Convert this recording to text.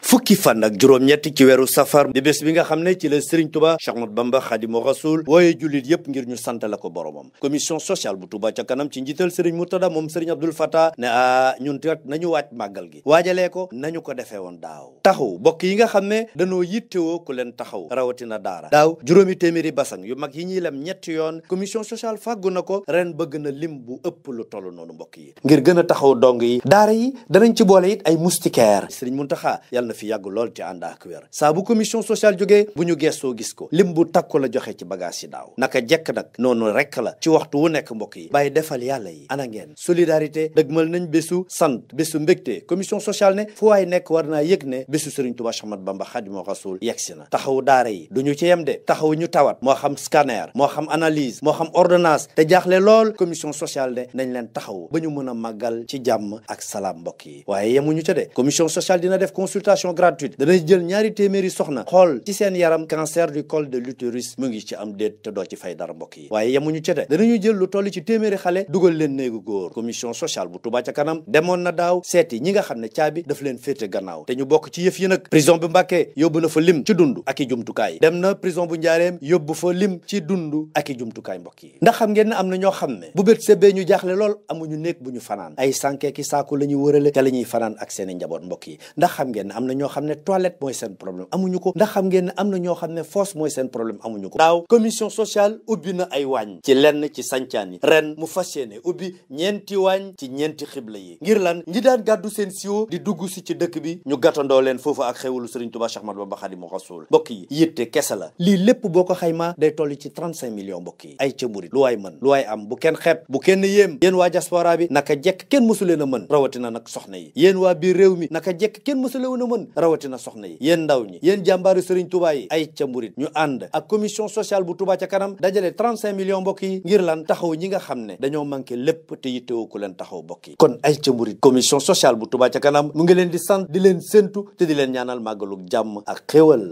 fukki fan ak juróom ñetti ci weeru safar di bés bi nga xam ne ci la Serigne Touba Cheikh Ahmadou Bamba Khadimou Rassoul wooye jullit yépp ngir ñu sant la ko boromam commission sociale bu tuba ca kanam ci njiital Serigne Murtada moom Serigne Abdoul Fattah ne a ah, ñun kat nañu waaj màggal gi waajalee ko nañu ko defee woon daaw taxaw bokk yi nga xam ne danoo yittewoo ku leen taxaw rawatina daara daaw juróomi téeméeri basang yu mag yi ñuy lem ñetti yoon commission sociale fàggu na ko ren bëgg na lim bu ëpp lu toll noonu mbokk yi ngir gën a taxaw dong yi daara yi danañ ci boole it ay moustiquaire Serigne yàlla na fi yàgg lool te ànd ak ko lim bu takku la joxe ci bagage yi daaw naka jekk nag waxtu wu nekk mbokk yi bàyyi defal yàlla yi ana ngeen solidarité dëgmal nañ bésu sant bésu mbégte commission sociale ne fu waay nekk war naa yëg ne bésu Serigne Touba Cheikh Ahmadou Bamba Khadimou Rassoul yegg si na taxawu daara yi du ci yem de taxawu ñu tawat moo xam scanner moo xam analyse moo xam te jaaxle lool commission sociale ne nañ leen taxawu ba ñu mën a màggal ci jàmm ak salaam mbokk yi waaye yemuñu ca de commission sociale dina def consultation consultation gratuite danañ jël ñaari téeméeri soxna xool ci seen yaram cancer du col de l'utérus mu ngi ci am déet te doo ci fay dara mbokk yi waaye yemuñu ci de danañu jël lu toll ci téeméeri xale dugal leen néegu góor commission sociale bu Touba kanam demoon na daaw seeti ñi nga xam ne caabi daf leen féete gannaaw te ñu bokk ci yëf yi nag prison bu Mbàkke yóbbu na fa lim ci dund ak i jumtukaay dem na prison bu Njaareem yóbbu fa lim ci dund ak i jumtukaay mbokk yi ndax xam ngeen ne am na ñoo xam ne bu bét sebbee ñu jaaxle lool amuñu néeg bu ñu fanaan ay sànke ki saaku la ñuy wërale ca la ñuy fanaan ak seeni njaboot mbokk yi am na ñoo xam ne toilette mooy seen problème amuñu ko ndax xam ngeen ne am na ñoo xam ne fosse mooy seen problème amuñu ko daaw commission sociale ubbi na ay wàññ ci lenn ci sancaan yi ren mu fas yéene ubbi ñeenti wàññ ci ñeenti xibla yi ngir lan ñi daan gàddu seen siwo di dugg si ci dëkk bi ñu gàttandoo leen foofu ak xewulu Serigne Touba Cheikh ba Bamba Khadimu Rasul mbokk yi yitte kese la lii lépp boo ko xaymaa day toll ci 35 millions mbokk yi ay ca murit lu waay mën lu waay am bu kenn bu kenn yéem yéen waa diaspora bi naka jekk kenn mësu leen a mën rawatina nag soxna yi yéen waa mën rawatina soxna yi yéen ndaw ñi yéen jàmbaaru Serigne Touba yi ay ca mburit ñu ànd ak commission sociale bu Touba ca kanam dajale 35 millions mbokk yi ngir lan taxaw ñi nga xam ne dañoo manqué lépp te yittewoo ku leen taxaw mbokk yi kon ay ca mburit commission sociale bu Touba ca kanam mu ngi leen di sant di leen séntu te di leen ñaanal màggalu jàmm a xéwal